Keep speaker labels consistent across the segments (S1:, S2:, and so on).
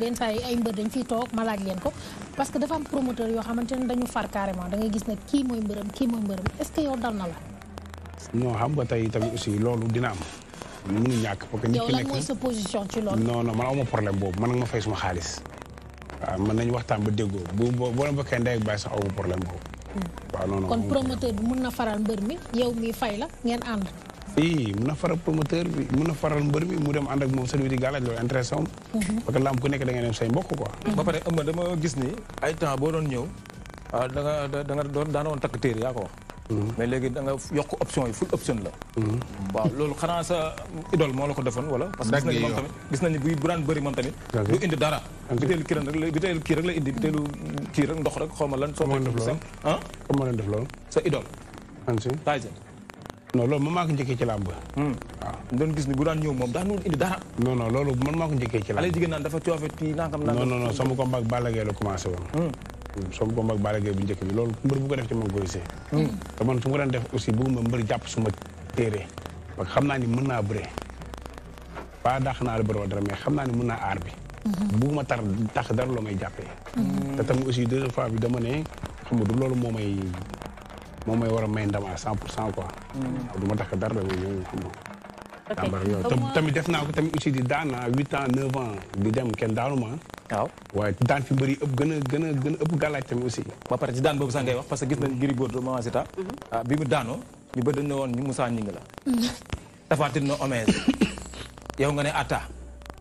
S1: leen saa yi ay mbër dañ fiy toog ma laaj leen ko parce que dafa am promoteur yoo xamante ne dañu far carrément da gis ne kii mooy mbërëm kii mooy mbërëm
S2: loolu dina am. mënu ñàkk parce que nit ki nekk yow lan mooy sa
S1: position ci loolu.
S2: non non man aw ma problème boobu man nga ma fay suma xaalis. waaw mën nañu waxtaan ba déggoo bu boo boo leen bokkee ndey ak baay sax aw ma problème boobu. Hmm. waaw kon promoteur
S1: bi mun na faral mbër mi yow mi fay la ngeen ànd.
S2: i mun na faral promoteur bi mun na faral mbër mi mu dem ànd ak moom seen witi gàllaaj loolu intéressé om mhm. parce que lamb ku nekk da dem say mbokk quoi mhm. ba pare ëmba dama gis ni ay temps boo doon ñëw ah, da nga da nga doon daana woon takk téere yaa ko wax mhm. mais léegi da nga yokk option yi full la loolu xanaa sa idole moo la ko defoon wala parce que gis nañu moom tamit gis bu daan bëri moom tamit du indi dara biteelu kii rek biteelu kii rek la indi biteelu kii rek ndox rek xaw ma lan soo ah comme ma leen def loolu sa idole an si non loolu man maa njëkkee ci làmb. Hmm. waaw doon gis ni bu daan ñëw moom daan indi dara. non non loolu man maa ko njëkkee ci làmb. ale naan dafa coofe tii nangam nangam. non non sama combat ak commencé woon. Hmm. Hmm, sama combat ak Balla Gaye bu njëkk bi loolu mbër bu ko def ci man koy see. ma ko daan def aussi bëgguma mbër jàpp suma téere parce que naa ni mën naa bëre. pas naa la bëri dara xam naa ni mën naa aar bi. bëgguma tar tax dara loo may jàppee. te tam aussi deuxième fois bi dama ne xam nga loolu moo may moom mooy war a may ndam à 100 pour cent quoi.
S1: Mm. waaw du tax a dara la tamit
S2: def naa ko tamit aussi di daan naa huit ans neuf ans di dem kenn daanu ma. waaw waaye daan fi mbëri ëpp gën gën a gën ëpp gàllaaj tamit aussi. ba pare ci daan boobu sax ngay wax parce que gis nañu Gris Bordeaux Maman Sita mhm. ah, bi mu daanoo ñu bëgg na woon ñu Moussa Gningue la. tafaatin na Omez yow nga ne Atta.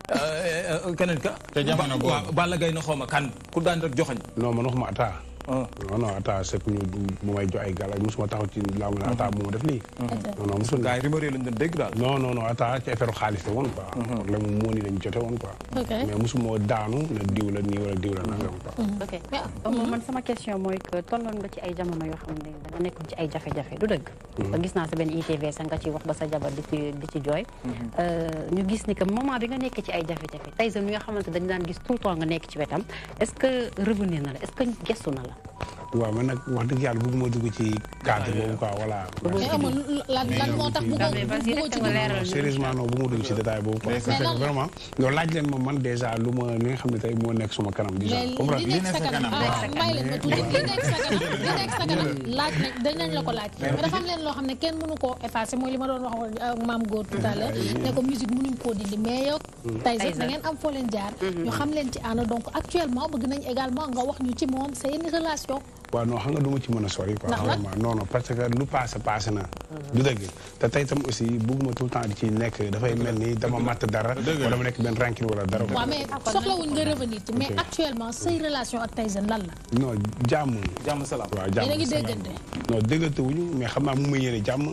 S2: Euh, euh, euh, keneen ka. te jamono boobu Balla Gaye na xaw ma kan ku daan rek joxañ. non man waxuma Atta. non non atta c'est que ñu mu may jox ay gàllankoor mosuma taxaw ci laamu la atta moo def lii. Mhm. non non mosul gars yi rumeur yi lañ doon dégg daal. non non non xaalis la woon quoi. Mhm. problème mu moo ni lañ jote woon quoi. mais mosuma daanu na diw nii wala diw la nangam quoi.
S1: Mhm. comme mhm. man sama question mooy que nga ci ay jamono yoo xam ne danga nekkoon ci ay jafe-jafe du dëgg ba mhm. gis naa sa benn ITV sa nga ci wax ba sa jabar di ci di ci jooy mhm. euh, gis ni que moment bi ga nekk ci ay jafe-jafe tey jeunes yi nga xamante dañu daan gis tout nga nekk ci wetam est-ce que revenir na la est-ce que gestu na la
S2: waaw man nag wax dëgg yàlla bëgguma dugg ci cadre boobu quoi voilà.
S1: lan moo tax ci sérieusement
S2: non bëgguma dugg ci leen man déjà lu ma nga xam ne tey moo nekk suma kanam déjà. li nekk
S1: ko am foo leen jaar mm-hmm. ñu xam leen ci ànd donc actuellement bëgg nañ également nga wax ñu ci moom seen relation
S2: waaw non xam nga du ma ci mën a sori quoi vraiment non parce que lu passé passé na du dëgg te tey tam aussi bugguma tout le temps di ci nekk dafay mel ni dama matt dara wala dama nekk benn rancune wala dara waaw mais
S1: soxlawuñ nga revenir ci mais actuellement say relation ak Tyson lan
S2: la non jàmm jàmm salaam waaw jàmm ngi déggante non déggante wuñu mais xam naa mu ma yéene jàmm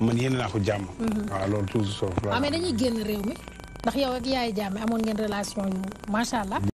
S2: man yéene naa ko jàmm mhm. waaw loolu toujours so waaw ah, mais
S1: dañuy génn réew mi ndax yow ak yaay jàmm amoon ngeen relation macha allah